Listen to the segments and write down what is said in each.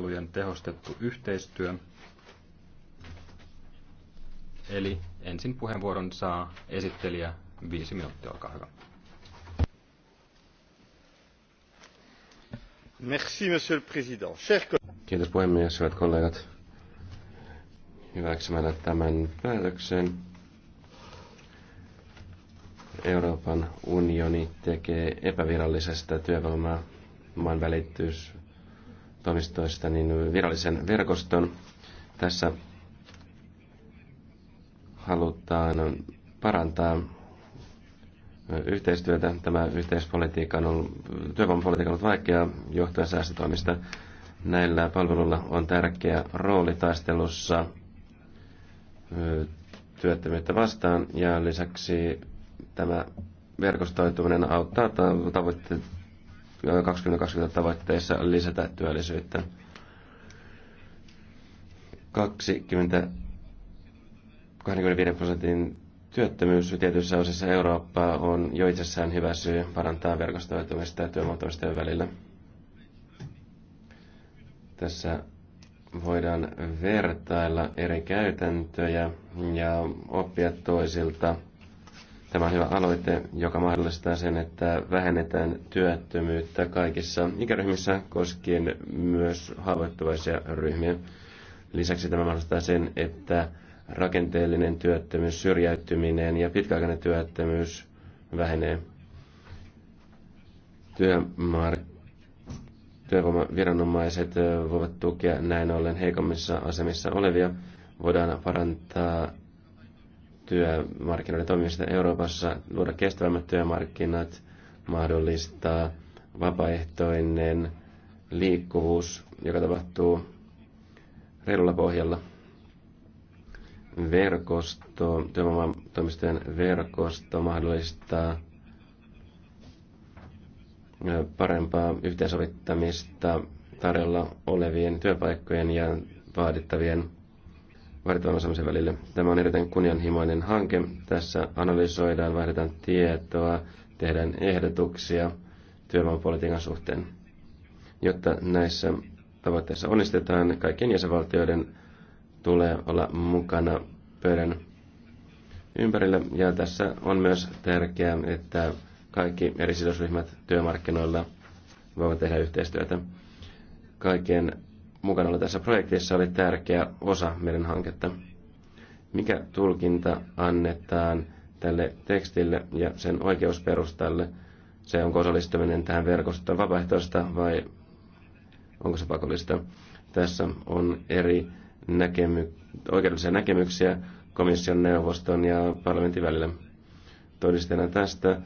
palvelujen tehostettu yhteistyö. Eli ensin puheenvuoron saa esittelijä viisi minuuttia, olkaa hyvä. Merci, monsieur le président. Kiitos puhemies, hyvät kollegat. Hyväksymällä tämän päätöksen Euroopan unioni tekee epävirallisesta työvoimaa välittyys toimistoista niin virallisen verkoston. Tässä halutaan parantaa yhteistyötä. Tämä yhteispolitiikka on ollut, työvoimapolitiikka on ollut vaikeaa johtuen säästötoimista. Näillä palveluilla on tärkeä rooli taistelussa työttömyyttä vastaan ja lisäksi tämä verkostoituminen auttaa tavoitteita 2020 tavoitteissa lisätä työllisyyttä. 20, 25 prosentin työttömyys tietyissä osissa Eurooppaa on jo itsessään hyvä syy parantaa verkostoitumista työmuotoisten välillä. Tässä voidaan vertailla eri käytäntöjä ja oppia toisilta – Tämä on hyvä aloite, joka mahdollistaa sen, että vähennetään työttömyyttä kaikissa ikäryhmissä koskien myös haavoittuvaisia ryhmiä. Lisäksi tämä mahdollistaa sen, että rakenteellinen työttömyys, syrjäytyminen ja pitkäaikainen työttömyys vähenee. Työmar- työvoimaviranomaiset voivat tukea näin ollen heikommissa asemissa olevia. Voidaan parantaa työmarkkinoiden toimimista Euroopassa, luoda kestävämmät työmarkkinat, mahdollistaa vapaaehtoinen liikkuvuus, joka tapahtuu reilulla pohjalla. Verkosto, työvoimatoimistojen verkosto mahdollistaa parempaa yhteensovittamista tarjolla olevien työpaikkojen ja vaadittavien vartioimassa välille. Tämä on erittäin kunnianhimoinen hanke. Tässä analysoidaan, vaihdetaan tietoa, tehdään ehdotuksia työvoimapolitiikan suhteen. Jotta näissä tavoitteissa onnistetaan, kaikkien jäsenvaltioiden tulee olla mukana pöydän ympärillä. Ja tässä on myös tärkeää, että kaikki eri sidosryhmät työmarkkinoilla voivat tehdä yhteistyötä. Kaikkien mukana oli tässä projektissa oli tärkeä osa meidän hanketta. Mikä tulkinta annetaan tälle tekstille ja sen oikeusperustalle? Se onko osallistuminen tähän verkostoon vapaaehtoista vai onko se pakollista? Tässä on eri näkemy- oikeudellisia näkemyksiä komission neuvoston ja parlamentin välillä. Todisteena tästä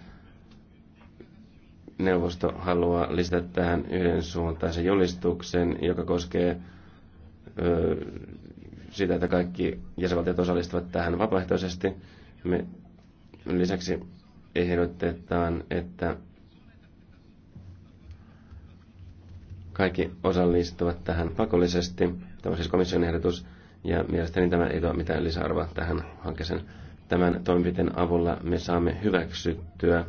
neuvosto haluaa lisätä tähän yhden suuntaisen julistuksen, joka koskee ö, sitä, että kaikki jäsenvaltiot osallistuvat tähän vapaaehtoisesti. Me lisäksi ehdotetaan, että kaikki osallistuvat tähän pakollisesti. Tämä on siis komission ehdotus, ja mielestäni tämä ei tuo mitään lisäarvoa tähän hankkeeseen. Tämän toimenpiteen avulla me saamme hyväksyttyä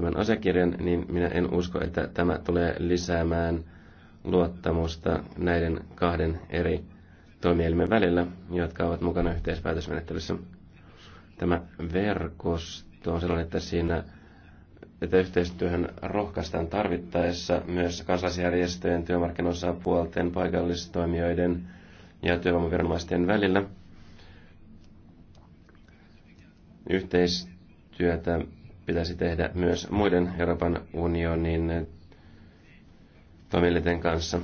tämän asiakirjan, niin minä en usko, että tämä tulee lisäämään luottamusta näiden kahden eri toimielimen välillä, jotka ovat mukana yhteispäätösmenettelyssä. Tämä verkosto on sellainen, että siinä että yhteistyöhön rohkaistaan tarvittaessa myös kansalaisjärjestöjen, työmarkkinosapuolten, paikallistoimijoiden ja työvoimaviranomaisten välillä. Yhteistyötä pitäisi tehdä myös muiden Euroopan unionin toimielinten kanssa.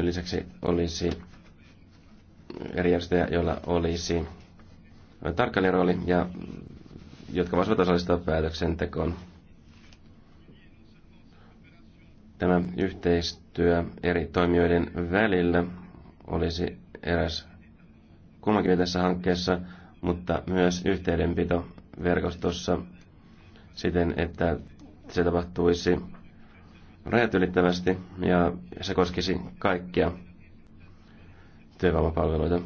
Lisäksi olisi eri järjestöjä, joilla olisi rooli ja jotka voisivat osallistua päätöksentekoon. Tämä yhteistyö eri toimijoiden välillä olisi eräs kummankin tässä hankkeessa – mutta myös yhteydenpito verkostossa siten, että se tapahtuisi rajat ylittävästi ja se koskisi kaikkia työvoimapalveluita.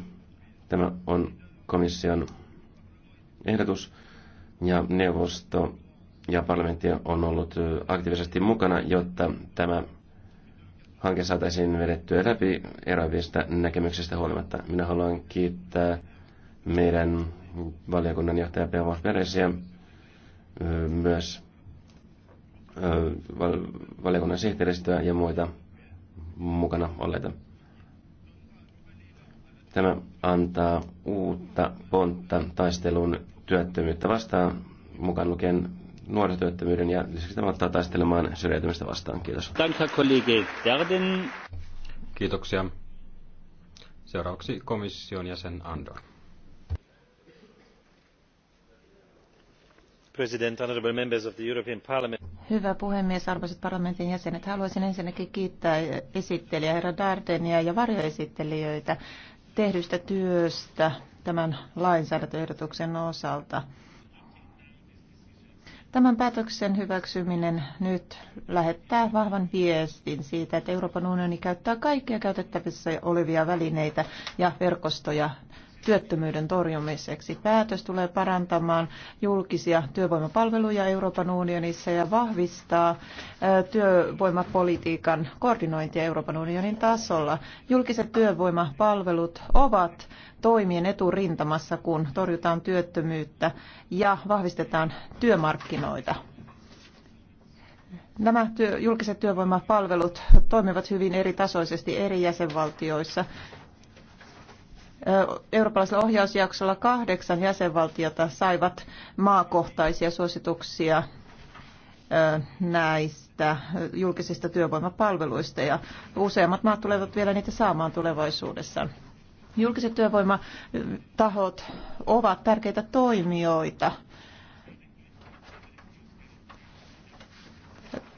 Tämä on komission ehdotus ja neuvosto ja parlamentti on ollut aktiivisesti mukana, jotta tämä hanke saataisiin vedettyä läpi eroavista näkemyksistä huolimatta. Minä haluan kiittää meidän valiokunnan johtaja Peuvaus ja myös valiokunnan sihteeristöä ja muita mukana olleita. Tämä antaa uutta pontta taistelun työttömyyttä vastaan, mukaan lukien nuorisotyöttömyyden ja lisäksi tämä ottaa taistelemaan syrjäytymistä vastaan. Kiitos. Kiitoksia. Seuraavaksi komission jäsen Andor. Hyvä puhemies, arvoisat parlamentin jäsenet. Haluaisin ensinnäkin kiittää esittelijä herra Dardenia ja varjoesittelijöitä tehdystä työstä tämän lainsäädäntöehdotuksen osalta. Tämän päätöksen hyväksyminen nyt lähettää vahvan viestin siitä, että Euroopan unioni käyttää kaikkia käytettävissä olevia välineitä ja verkostoja työttömyyden torjumiseksi. Päätös tulee parantamaan julkisia työvoimapalveluja Euroopan unionissa ja vahvistaa työvoimapolitiikan koordinointia Euroopan unionin tasolla. Julkiset työvoimapalvelut ovat toimien eturintamassa, kun torjutaan työttömyyttä ja vahvistetaan työmarkkinoita. Nämä työ, julkiset työvoimapalvelut toimivat hyvin eritasoisesti eri jäsenvaltioissa eurooppalaisella ohjausjaksolla kahdeksan jäsenvaltiota saivat maakohtaisia suosituksia näistä julkisista työvoimapalveluista ja useammat maat tulevat vielä niitä saamaan tulevaisuudessa. Julkiset työvoimatahot ovat tärkeitä toimijoita.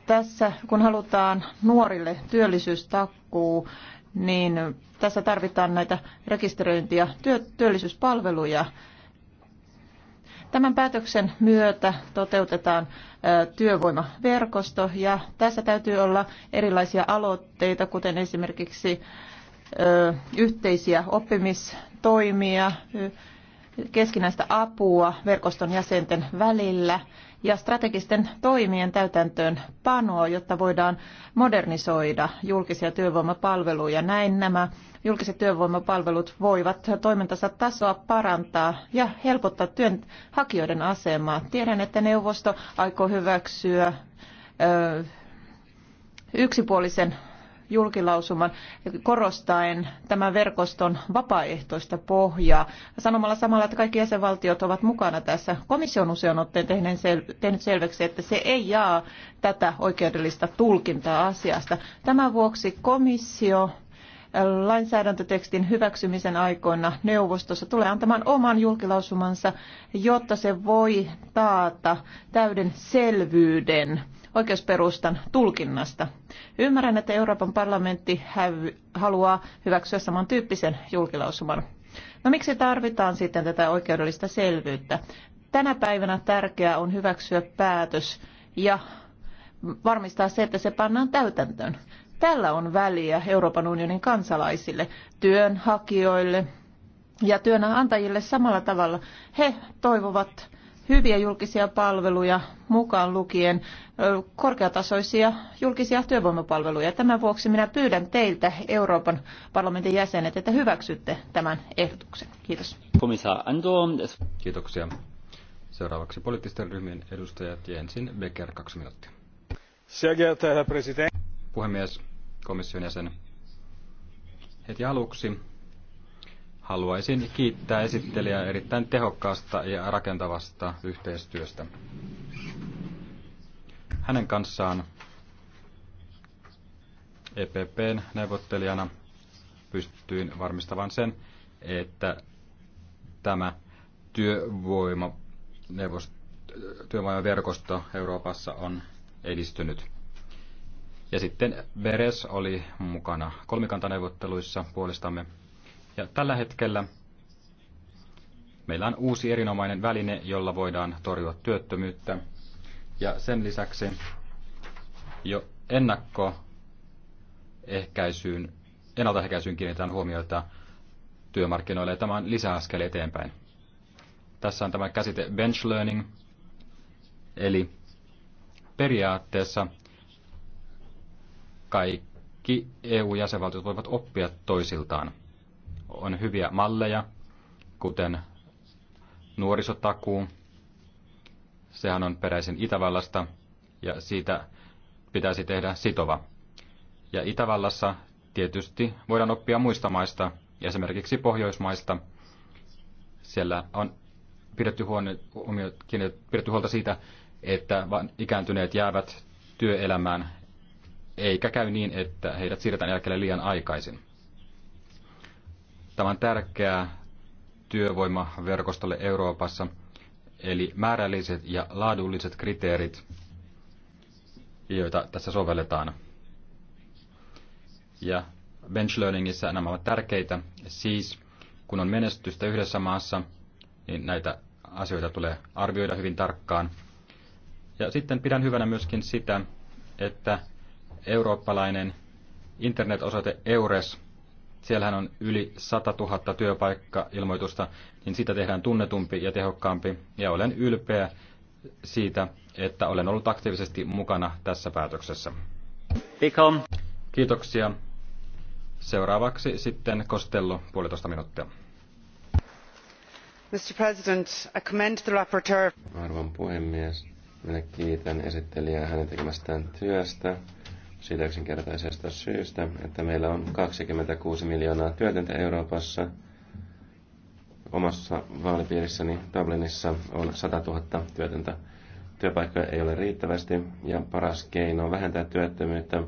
Tässä kun halutaan nuorille työllisyystakuu, niin tässä tarvitaan näitä rekisteröintiä työllisyyspalveluja. Tämän päätöksen myötä toteutetaan työvoimaverkosto ja tässä täytyy olla erilaisia aloitteita, kuten esimerkiksi yhteisiä oppimistoimia, keskinäistä apua verkoston jäsenten välillä ja strategisten toimien täytäntöön panoa, jotta voidaan modernisoida julkisia työvoimapalveluja. Näin nämä julkiset työvoimapalvelut voivat toimintansa tasoa parantaa ja helpottaa työnhakijoiden asemaa. Tiedän, että neuvosto aikoo hyväksyä yksipuolisen julkilausuman korostaen tämän verkoston vapaaehtoista pohjaa sanomalla samalla, että kaikki jäsenvaltiot ovat mukana tässä. Komissio on usein otteen tehnyt selväksi, että se ei jaa tätä oikeudellista tulkintaa asiasta. Tämän vuoksi komissio äh, lainsäädäntötekstin hyväksymisen aikoina neuvostossa tulee antamaan oman julkilausumansa, jotta se voi taata täyden selvyyden oikeusperustan tulkinnasta. Ymmärrän, että Euroopan parlamentti haluaa hyväksyä samantyyppisen julkilausuman. No miksi tarvitaan sitten tätä oikeudellista selvyyttä? Tänä päivänä tärkeää on hyväksyä päätös ja varmistaa se, että se pannaan täytäntöön. Tällä on väliä Euroopan unionin kansalaisille, työnhakijoille ja työnantajille samalla tavalla. He toivovat hyviä julkisia palveluja mukaan lukien korkeatasoisia julkisia työvoimapalveluja. Tämän vuoksi minä pyydän teiltä Euroopan parlamentin jäsenet, että hyväksytte tämän ehdotuksen. Kiitos. Kiitoksia. Seuraavaksi poliittisten ryhmien edustajat Jensin Becker, kaksi minuuttia. Puhemies, komission jäsen. Heti aluksi Haluaisin kiittää esittelijää erittäin tehokkaasta ja rakentavasta yhteistyöstä. Hänen kanssaan EPPn neuvottelijana pystyin varmistamaan sen, että tämä työvoima, työvoimaverkosto Euroopassa on edistynyt. Ja sitten Beres oli mukana kolmikantaneuvotteluissa puolestamme ja tällä hetkellä meillä on uusi erinomainen väline, jolla voidaan torjua työttömyyttä. Ja sen lisäksi jo ennakkoehkäisyyn, ennaltaehkäisyyn kiinnitetään huomiota työmarkkinoille ja tämä on lisäaskel eteenpäin. Tässä on tämä käsite bench learning, eli periaatteessa kaikki EU-jäsenvaltiot voivat oppia toisiltaan – on hyviä malleja, kuten nuorisotakuu. Sehän on peräisin Itävallasta ja siitä pitäisi tehdä sitova. Ja Itävallassa tietysti voidaan oppia muista maista, esimerkiksi Pohjoismaista. Siellä on pidetty, huone, pidetty huolta siitä, että ikääntyneet jäävät työelämään, eikä käy niin, että heidät siirretään eläkkeelle liian aikaisin. Tämän tärkeää työvoimaverkostolle Euroopassa, eli määrälliset ja laadulliset kriteerit, joita tässä sovelletaan. Ja benchlearningissa nämä ovat tärkeitä, siis kun on menestystä yhdessä maassa, niin näitä asioita tulee arvioida hyvin tarkkaan. Ja sitten pidän hyvänä myöskin sitä, että eurooppalainen internetosoite EURES siellähän on yli 100 000 työpaikka-ilmoitusta, niin sitä tehdään tunnetumpi ja tehokkaampi. Ja olen ylpeä siitä, että olen ollut aktiivisesti mukana tässä päätöksessä. Pikom. Kiitoksia. Seuraavaksi sitten Kostello, puolitoista minuuttia. Mr. President, I commend the rapporteur. Arvon puhemies, minä kiitän esittelijää hänen tekemästään työstä siitä yksinkertaisesta syystä, että meillä on 26 miljoonaa työtöntä Euroopassa. Omassa vaalipiirissäni Dublinissa on 100 000 työtöntä. Työpaikkoja ei ole riittävästi ja paras keino vähentää työttömyyttä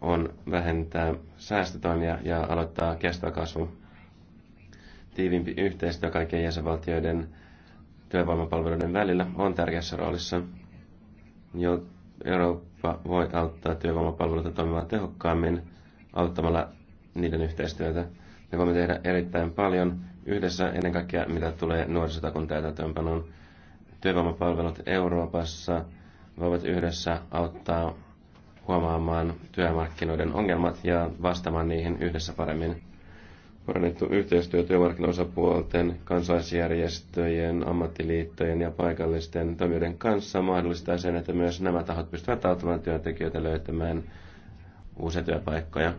on vähentää säästötoimia ja aloittaa kestävä kasvu. Tiiviimpi yhteistyö kaikkien jäsenvaltioiden työvoimapalveluiden välillä on tärkeässä roolissa. Jo voi auttaa työvoimapalveluita toimimaan tehokkaammin auttamalla niiden yhteistyötä. Me voimme tehdä erittäin paljon yhdessä ennen kaikkea, mitä tulee nuorisotakun täytäntöönpanoon. Työvoimapalvelut Euroopassa voivat yhdessä auttaa huomaamaan työmarkkinoiden ongelmat ja vastaamaan niihin yhdessä paremmin parannettu yhteistyö työmarkkinaosapuolten, kansalaisjärjestöjen, ammattiliittojen ja paikallisten toimijoiden kanssa mahdollistaa sen, että myös nämä tahot pystyvät auttamaan työntekijöitä löytämään uusia työpaikkoja.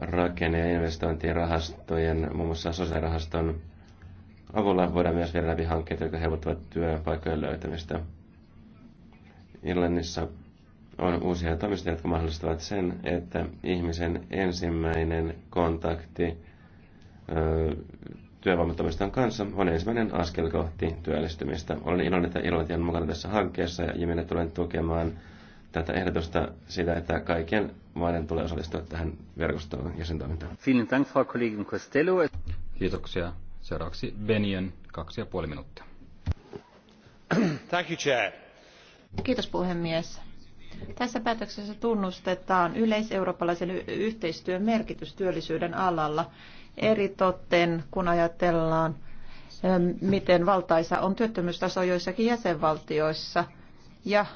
Rakenne- ja investointirahastojen, muun muassa sosiaalirahaston avulla voidaan myös viedä läpi hankkeita, jotka helpottavat työpaikkojen löytämistä. Irlannissa on uusia toimistoja, jotka mahdollistavat sen, että ihmisen ensimmäinen kontakti työvoimatoimiston kanssa on ensimmäinen askel kohti työllistymistä. Olen iloinen, että Irlanti on mukana tässä hankkeessa ja minä tulen tukemaan tätä ehdotusta sitä, että kaiken maiden tulee osallistua tähän verkostoon ja sen toimintaan. Kiitoksia. Seuraavaksi Benjen kaksi ja puoli minuuttia. Thank you, Chair. Kiitos puhemies. Tässä päätöksessä tunnustetaan yleiseurooppalaisen yhteistyön merkitys työllisyyden alalla totten, kun ajatellaan, miten valtaisa on työttömyystaso joissakin jäsenvaltioissa ja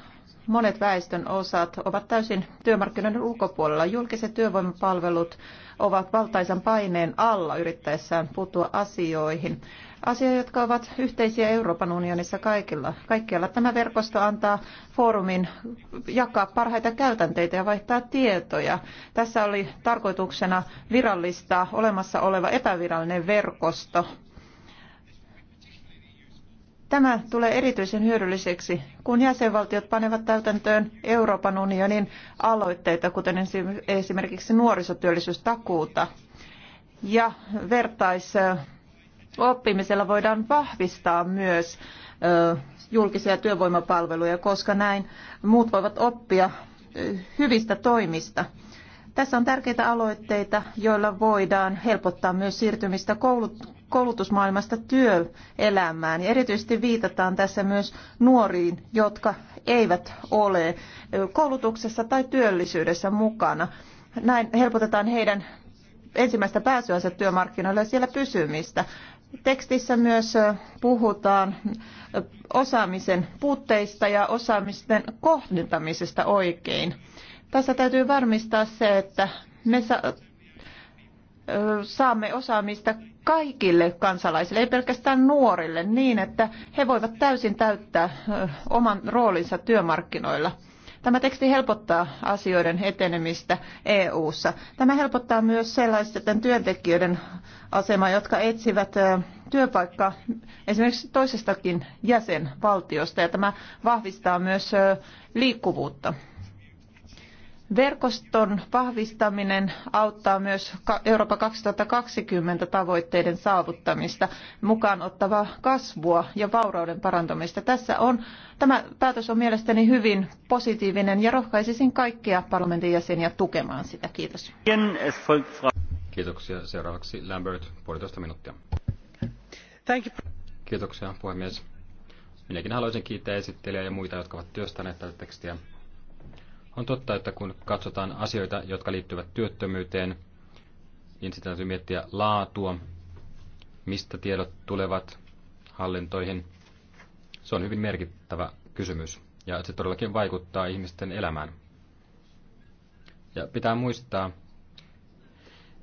monet väestön osat ovat täysin työmarkkinoiden ulkopuolella. Julkiset työvoimapalvelut ovat valtaisan paineen alla yrittäessään puuttua asioihin. Asioita, jotka ovat yhteisiä Euroopan unionissa kaikilla. kaikkialla. Tämä verkosto antaa foorumin jakaa parhaita käytänteitä ja vaihtaa tietoja. Tässä oli tarkoituksena virallistaa olemassa oleva epävirallinen verkosto Tämä tulee erityisen hyödylliseksi, kun jäsenvaltiot panevat täytäntöön Euroopan unionin aloitteita, kuten esimerkiksi nuorisotyöllisyystakuuta. Ja vertaisoppimisella voidaan vahvistaa myös julkisia työvoimapalveluja, koska näin muut voivat oppia hyvistä toimista. Tässä on tärkeitä aloitteita, joilla voidaan helpottaa myös siirtymistä koulut, koulutusmaailmasta työelämään. Ja erityisesti viitataan tässä myös nuoriin, jotka eivät ole koulutuksessa tai työllisyydessä mukana. Näin helpotetaan heidän ensimmäistä pääsyänsä työmarkkinoille ja siellä pysymistä. Tekstissä myös puhutaan osaamisen puutteista ja osaamisten kohdentamisesta oikein. Tässä täytyy varmistaa se, että me saamme osaamista kaikille kansalaisille, ei pelkästään nuorille, niin että he voivat täysin täyttää oman roolinsa työmarkkinoilla. Tämä teksti helpottaa asioiden etenemistä EU-ssa. Tämä helpottaa myös sellaisten työntekijöiden asemaa, jotka etsivät työpaikkaa esimerkiksi toisestakin jäsenvaltiosta, ja tämä vahvistaa myös liikkuvuutta. Verkoston vahvistaminen auttaa myös Eurooppa 2020 tavoitteiden saavuttamista, mukaan ottavaa kasvua ja vaurauden parantamista. Tässä on, tämä päätös on mielestäni hyvin positiivinen ja rohkaisisin kaikkia parlamentin jäseniä tukemaan sitä. Kiitos. Kiitoksia. Seuraavaksi Lambert, puolitoista minuuttia. Thank you. Kiitoksia, puhemies. Minäkin haluaisin kiittää esittelijää ja muita, jotka ovat työstäneet tätä tekstiä. On totta, että kun katsotaan asioita, jotka liittyvät työttömyyteen, niin sitä täytyy miettiä laatua, mistä tiedot tulevat hallintoihin. Se on hyvin merkittävä kysymys ja se todellakin vaikuttaa ihmisten elämään. Ja pitää muistaa,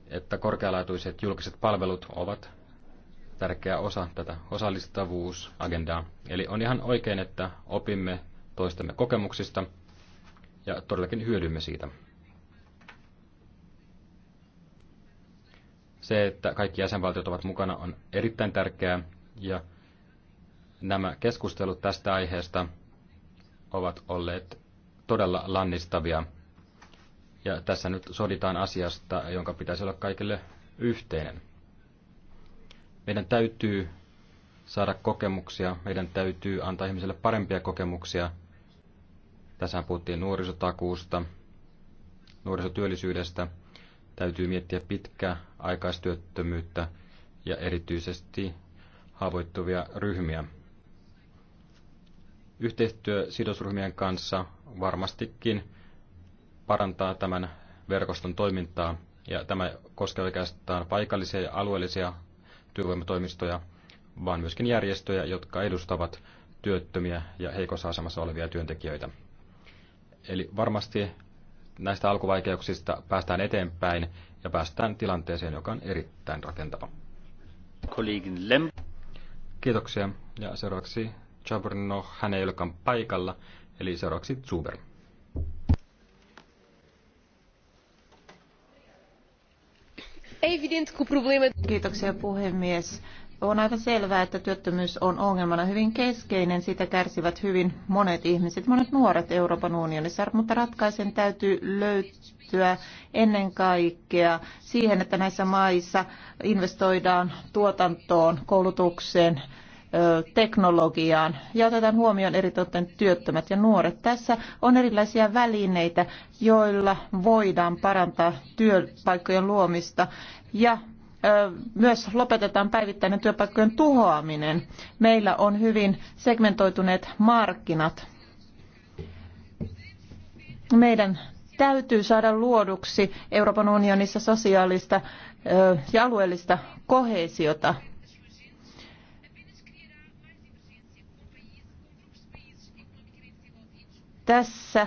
että korkealaatuiset julkiset palvelut ovat tärkeä osa tätä osallistavuusagendaa. Eli on ihan oikein, että opimme toistemme kokemuksista – ja todellakin hyödymme siitä. Se, että kaikki jäsenvaltiot ovat mukana, on erittäin tärkeää ja nämä keskustelut tästä aiheesta ovat olleet todella lannistavia. Ja tässä nyt soditaan asiasta, jonka pitäisi olla kaikille yhteinen. Meidän täytyy saada kokemuksia, meidän täytyy antaa ihmisille parempia kokemuksia – tässä puhuttiin nuorisotakuusta, nuorisotyöllisyydestä. Täytyy miettiä pitkäaikaistyöttömyyttä ja erityisesti haavoittuvia ryhmiä. Yhteistyö sidosryhmien kanssa varmastikin parantaa tämän verkoston toimintaa, ja tämä koskee oikeastaan paikallisia ja alueellisia työvoimatoimistoja, vaan myöskin järjestöjä, jotka edustavat työttömiä ja heikossa asemassa olevia työntekijöitä. Eli varmasti näistä alkuvaikeuksista päästään eteenpäin ja päästään tilanteeseen, joka on erittäin rakentava. Kollegin Lem. Kiitoksia. Ja seuraavaksi Chaburno hän ei olekaan paikalla, eli seuraavaksi Zuber. Kiitoksia puhemies on aivan selvää, että työttömyys on ongelmana hyvin keskeinen. Sitä kärsivät hyvin monet ihmiset, monet nuoret Euroopan unionissa, mutta ratkaisen täytyy löytyä ennen kaikkea siihen, että näissä maissa investoidaan tuotantoon, koulutukseen, teknologiaan ja otetaan huomioon eritoten työttömät ja nuoret. Tässä on erilaisia välineitä, joilla voidaan parantaa työpaikkojen luomista ja myös lopetetaan päivittäinen työpaikkojen tuhoaminen. Meillä on hyvin segmentoituneet markkinat. Meidän täytyy saada luoduksi Euroopan unionissa sosiaalista ja alueellista kohesiota. Tässä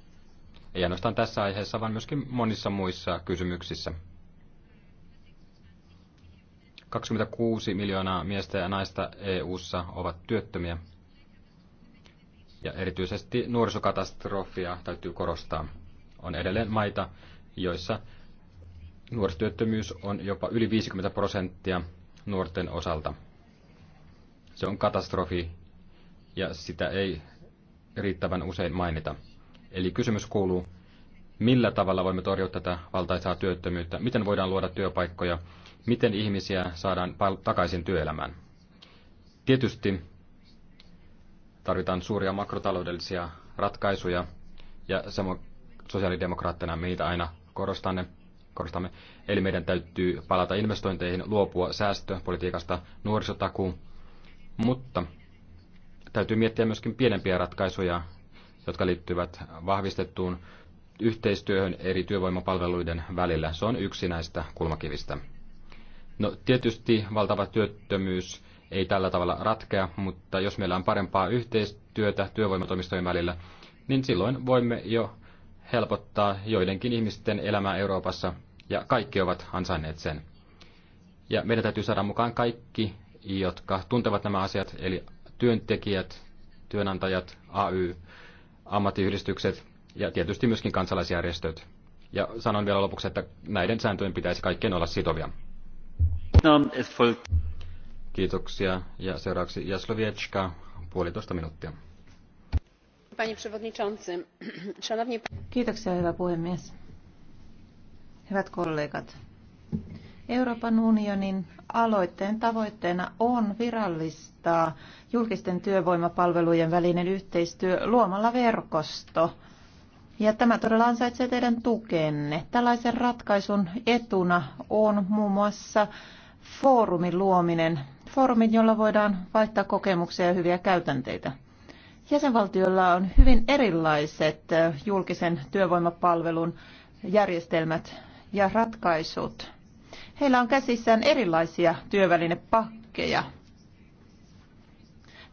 ei ainoastaan tässä aiheessa, vaan myöskin monissa muissa kysymyksissä. 26 miljoonaa miestä ja naista EU:ssa ovat työttömiä. Ja erityisesti nuorisokatastrofia täytyy korostaa. On edelleen maita, joissa nuorisotyöttömyys on jopa yli 50 prosenttia nuorten osalta. Se on katastrofi ja sitä ei riittävän usein mainita. Eli kysymys kuuluu, millä tavalla voimme torjua tätä valtaisaa työttömyyttä, miten voidaan luoda työpaikkoja, miten ihmisiä saadaan takaisin työelämään. Tietysti tarvitaan suuria makrotaloudellisia ratkaisuja, ja sosiaalidemokraattina meitä aina korostamme, korostamme. Eli meidän täytyy palata investointeihin, luopua säästöpolitiikasta, nuorisotakuun, mutta täytyy miettiä myöskin pienempiä ratkaisuja, jotka liittyvät vahvistettuun yhteistyöhön eri työvoimapalveluiden välillä. Se on yksi näistä kulmakivistä. No tietysti valtava työttömyys ei tällä tavalla ratkea, mutta jos meillä on parempaa yhteistyötä työvoimatoimistojen välillä, niin silloin voimme jo helpottaa joidenkin ihmisten elämää Euroopassa, ja kaikki ovat ansainneet sen. Ja meidän täytyy saada mukaan kaikki, jotka tuntevat nämä asiat, eli työntekijät, työnantajat, AY, ammattiyhdistykset ja tietysti myöskin kansalaisjärjestöt. Ja sanon vielä lopuksi, että näiden sääntöjen pitäisi kaikkien olla sitovia. Kiitoksia. Ja seuraavaksi Jaslovietska, puolitoista minuuttia. Kiitoksia, hyvä puhemies. Hyvät kollegat, Euroopan unionin aloitteen tavoitteena on virallistaa julkisten työvoimapalvelujen välinen yhteistyö luomalla verkosto. Ja tämä todella ansaitsee teidän tukenne. Tällaisen ratkaisun etuna on muun muassa foorumin luominen, foorumin, jolla voidaan vaihtaa kokemuksia ja hyviä käytänteitä. Jäsenvaltioilla on hyvin erilaiset eh, julkisen työvoimapalvelun järjestelmät ja ratkaisut. Heillä on käsissään erilaisia työvälinepakkeja.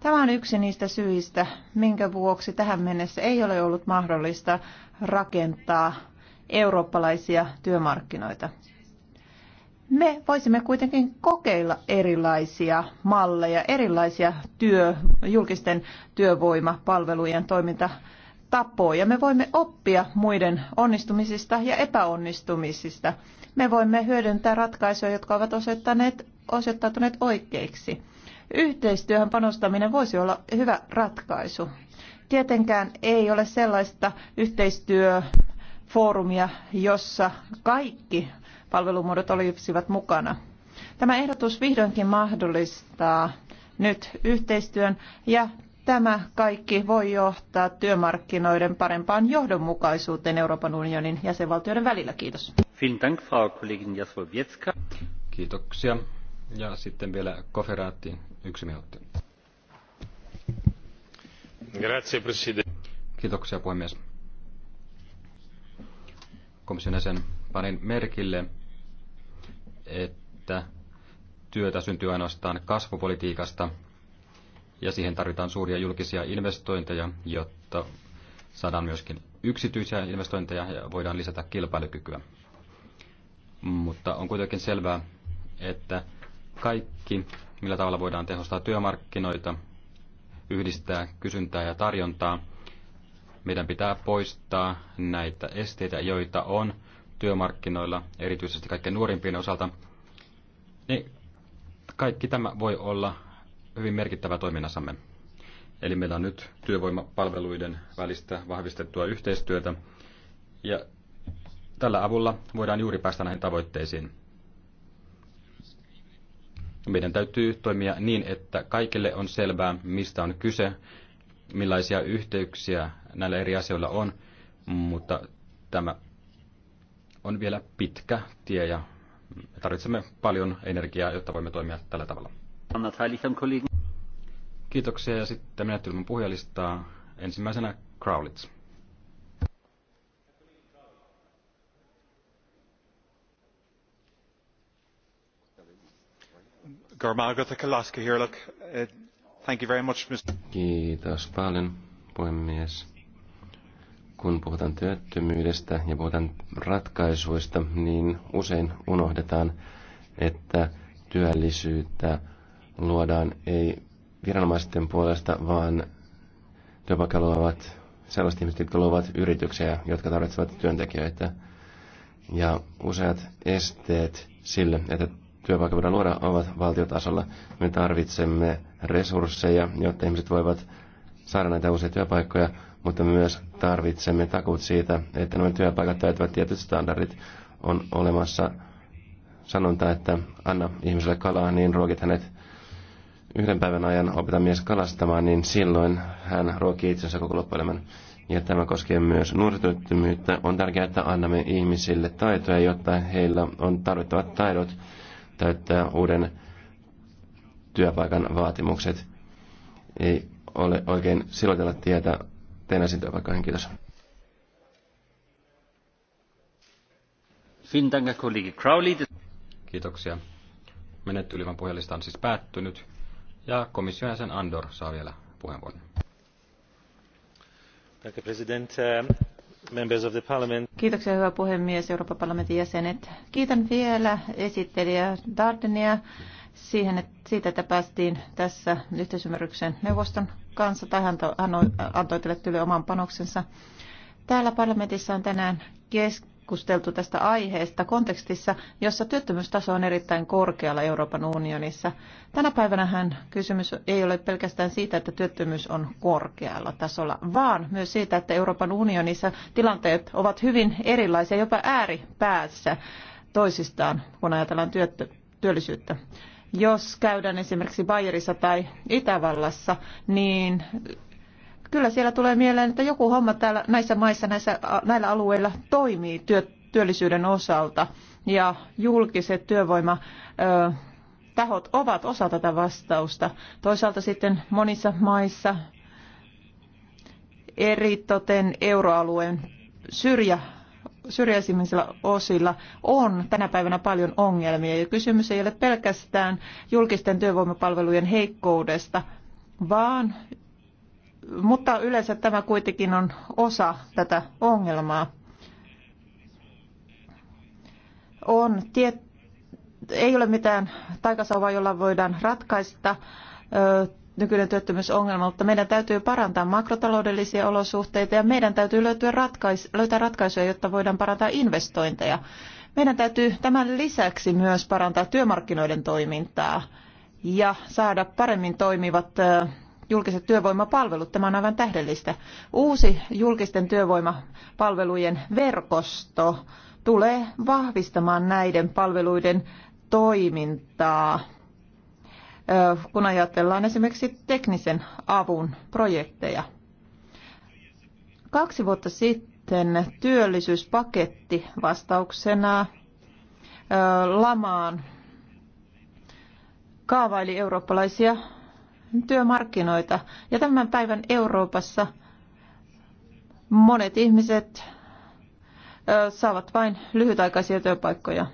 Tämä on yksi niistä syistä, minkä vuoksi tähän mennessä ei ole ollut mahdollista rakentaa eurooppalaisia työmarkkinoita. Me voisimme kuitenkin kokeilla erilaisia malleja, erilaisia työ, julkisten työvoimapalvelujen toimintamalleja tapoja. Me voimme oppia muiden onnistumisista ja epäonnistumisista. Me voimme hyödyntää ratkaisuja, jotka ovat osoittautuneet oikeiksi. Yhteistyöhön panostaminen voisi olla hyvä ratkaisu. Tietenkään ei ole sellaista yhteistyöfoorumia, jossa kaikki palvelumuodot olisivat mukana. Tämä ehdotus vihdoinkin mahdollistaa nyt yhteistyön ja Tämä kaikki voi johtaa työmarkkinoiden parempaan johdonmukaisuuteen Euroopan unionin jäsenvaltioiden välillä. Kiitos. dank Kiitoksia. Ja sitten vielä koferaatti yksi minuutti. Grazie, Presidente. Kiitoksia puhemies. Komission jäsen panin merkille, että työtä syntyy ainoastaan kasvupolitiikasta ja siihen tarvitaan suuria julkisia investointeja, jotta saadaan myöskin yksityisiä investointeja ja voidaan lisätä kilpailukykyä. Mutta on kuitenkin selvää, että kaikki, millä tavalla voidaan tehostaa työmarkkinoita, yhdistää kysyntää ja tarjontaa, meidän pitää poistaa näitä esteitä, joita on työmarkkinoilla, erityisesti kaikkein nuorimpien osalta, niin kaikki tämä voi olla hyvin merkittävä toiminnassamme. Eli meillä on nyt työvoimapalveluiden välistä vahvistettua yhteistyötä ja tällä avulla voidaan juuri päästä näihin tavoitteisiin. Meidän täytyy toimia niin, että kaikille on selvää, mistä on kyse, millaisia yhteyksiä näillä eri asioilla on, mutta tämä on vielä pitkä tie ja tarvitsemme paljon energiaa, jotta voimme toimia tällä tavalla. Kiitoksia ja sitten menettelyn puhujalistaa. Ensimmäisenä Crowlitz. Uh, Kiitos paljon, puhemies. Kun puhutaan työttömyydestä ja puhutaan ratkaisuista, niin usein unohdetaan, että työllisyyttä luodaan ei viranomaisten puolesta, vaan työpaikka luovat sellaiset ihmiset, jotka luovat yrityksiä, jotka tarvitsevat työntekijöitä. Ja useat esteet sille, että työpaikka voidaan luoda, ovat valtiotasolla. Me tarvitsemme resursseja, jotta ihmiset voivat saada näitä uusia työpaikkoja, mutta myös tarvitsemme takuut siitä, että nuo työpaikat täyttävät tietyt standardit. On olemassa sanonta, että anna ihmiselle kalaa, niin ruokit hänet yhden päivän ajan opeta mies kalastamaan, niin silloin hän ruokii itsensä koko loppuelämän. Ja tämä koskee myös nuorisotyöttömyyttä. On tärkeää, että annamme ihmisille taitoja, jotta heillä on tarvittavat taidot täyttää uuden työpaikan vaatimukset. Ei ole oikein silotella tietä teidän esityöpaikkoihin. Kiitos. Kiitoksia. Menettelyvän puhelista on siis päättynyt. Ja komission jäsen Andor saa vielä puheenvuoron. Uh, Kiitoksia hyvä puhemies, Euroopan parlamentin jäsenet. Kiitän vielä esittelijä Dardenia siihen, että siitä, että päästiin tässä yhteisymmärryksen neuvoston kanssa. Tai hän antoi tälle oman panoksensa. Täällä parlamentissa on tänään kesk keskusteltu tästä aiheesta kontekstissa, jossa työttömyystaso on erittäin korkealla Euroopan unionissa. Tänä päivänä kysymys ei ole pelkästään siitä, että työttömyys on korkealla tasolla, vaan myös siitä, että Euroopan unionissa tilanteet ovat hyvin erilaisia, jopa ääripäässä toisistaan, kun ajatellaan työttö- työllisyyttä jos käydään esimerkiksi Bayerissa tai Itävallassa, niin kyllä siellä tulee mieleen, että joku homma täällä, näissä maissa, näissä, näillä alueilla toimii työ, työllisyyden osalta ja julkiset työvoima ö, tahot ovat osa tätä vastausta. Toisaalta sitten monissa maissa toten euroalueen syrjä syrjäisimmillä osilla on tänä päivänä paljon ongelmia ja kysymys ei ole pelkästään julkisten työvoimapalvelujen heikkoudesta, vaan mutta yleensä tämä kuitenkin on osa tätä ongelmaa. On tiet, ei ole mitään taikasauvaa, jolla voidaan ratkaista nykyinen työttömyysongelma, mutta meidän täytyy parantaa makrotaloudellisia olosuhteita ja meidän täytyy löytyä ratkais, löytää ratkaisuja, jotta voidaan parantaa investointeja. Meidän täytyy tämän lisäksi myös parantaa työmarkkinoiden toimintaa ja saada paremmin toimivat julkiset työvoimapalvelut. Tämä on aivan tähdellistä. Uusi julkisten työvoimapalvelujen verkosto tulee vahvistamaan näiden palveluiden toimintaa, kun ajatellaan esimerkiksi teknisen avun projekteja. Kaksi vuotta sitten työllisyyspaketti vastauksena lamaan kaavaili eurooppalaisia työmarkkinoita. Ja tämän päivän Euroopassa monet ihmiset saavat vain lyhytaikaisia työpaikkoja.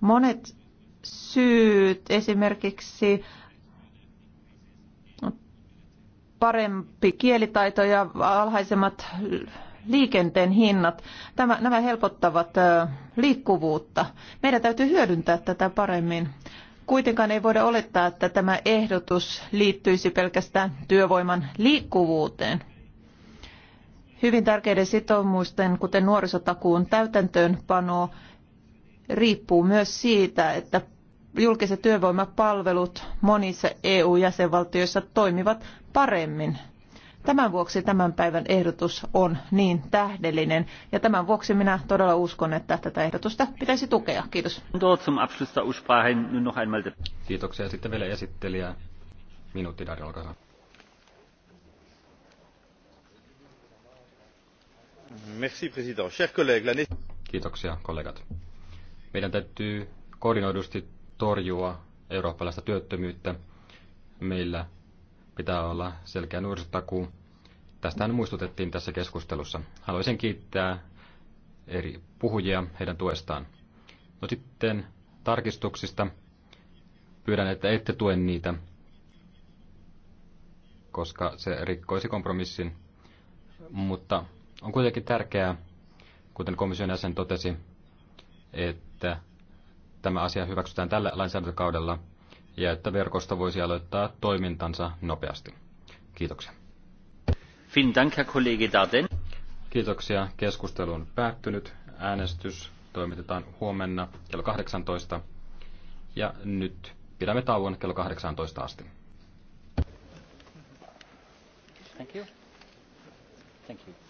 Monet syyt, esimerkiksi parempi kielitaito ja alhaisemmat liikenteen hinnat, tämä, nämä helpottavat liikkuvuutta. Meidän täytyy hyödyntää tätä paremmin. Kuitenkaan ei voida olettaa, että tämä ehdotus liittyisi pelkästään työvoiman liikkuvuuteen. Hyvin tärkeiden sitoumusten, kuten nuorisotakuun täytäntöönpano, riippuu myös siitä, että julkiset työvoimapalvelut monissa EU-jäsenvaltioissa toimivat paremmin Tämän vuoksi tämän päivän ehdotus on niin tähdellinen ja tämän vuoksi minä todella uskon, että tätä ehdotusta pitäisi tukea. Kiitos. Kiitoksia. Sitten vielä esittelijä. Minuutti, Dari, olkaa hyvä. Kiitoksia, kollegat. Meidän täytyy koordinoidusti torjua eurooppalaista työttömyyttä. Meillä pitää olla selkeä nuorisotakuu. Tästähän muistutettiin tässä keskustelussa. Haluaisin kiittää eri puhujia heidän tuestaan. No sitten tarkistuksista. Pyydän, että ette tue niitä, koska se rikkoisi kompromissin. Mutta on kuitenkin tärkeää, kuten komission jäsen totesi, että tämä asia hyväksytään tällä lainsäädäntökaudella – ja että verkosto voisi aloittaa toimintansa nopeasti. Kiitoksia. Kiitoksia. Keskustelu on päättynyt. Äänestys toimitetaan huomenna kello 18. Ja nyt pidämme tauon kello 18 asti. Thank you. Thank you.